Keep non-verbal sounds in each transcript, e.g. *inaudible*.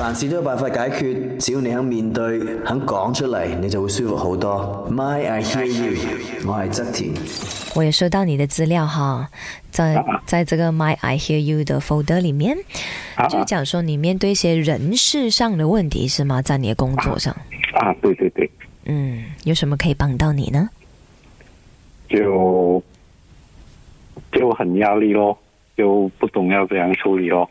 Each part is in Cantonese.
凡事都有辦法解決，只要你肯面對，肯講出嚟，你就會舒服好多。My I hear you，, I hear you. 我係側田。我亦收到你的資料哈，在、uh huh. 在這個 My I hear you 的 folder 裏面，uh huh. 就講說你面對一些人事上的問題，是嗎？在你的工作上。啊、uh，huh. uh huh. 對對對。嗯，有什麼可以幫到你呢？就就很壓力咯，就不懂要怎樣處理咯。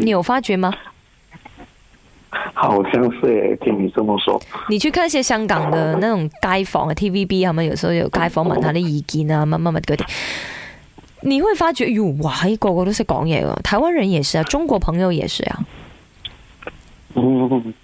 你有發覺嗎？好像是誒，聽你這麼說。你去看一些香港的那種街訪啊，TVB 啊嘛，有時候有街訪問他的意見啊，乜乜乜嗰啲，你會發覺，喲喂，個個都識講嘢啊！台灣人也是啊，中國朋友也是啊。 *laughs*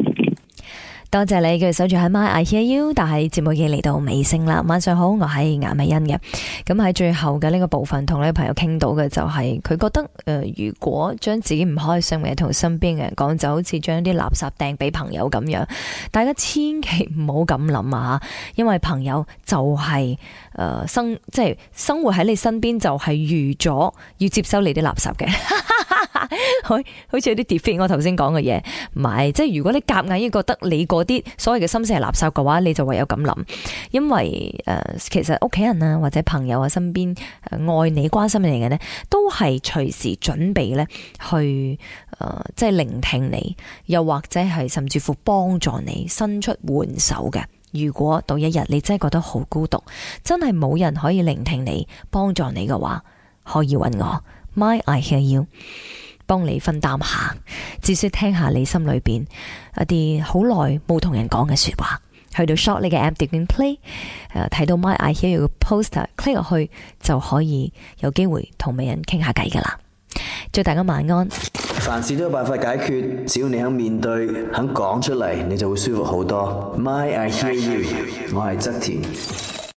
多謝你，繼續守住喺 my I Hear U，但係節目已經嚟到尾聲啦。晚上好，我係顏美欣嘅。咁喺最後嘅呢個部分，同呢個朋友傾到嘅就係，佢覺得誒、呃，如果將自己唔開心嘅同身邊嘅人講，就好似將啲垃圾掟俾朋友咁樣。大家千祈唔好咁諗啊，因為朋友就係、是、誒、呃、生，即係生活喺你身邊就係預咗要接收你啲垃圾嘅。 *laughs* 好，好似有啲 d e f t 我頭先講嘅嘢，唔係，即係如果你夾硬要覺得你嗰啲所謂嘅心思係垃圾嘅話，你就唯有咁諗，因為誒、呃，其實屋企人啊，或者朋友啊，身邊，身邊愛你關心你嘅呢，都係隨時準備呢去誒，即、呃、係、就是、聆聽你，又或者係甚至乎幫助你伸出援手嘅。如果到一日你真係覺得好孤獨，真係冇人可以聆聽你、幫助你嘅話，可以揾我。My I hear you。幫你分擔下，至少聽下你心裏邊一啲好耐冇同人講嘅說的話。去到 short 呢個 app 點擊 play，誒睇到 my I hear you 嘅 poster，click 落去就可以有機會同美人傾下偈噶啦。祝大家晚安。凡事都有辦法解決，只要你肯面對，肯講出嚟，你就會舒服好多。My I hear you，, I hear you. 我係側田。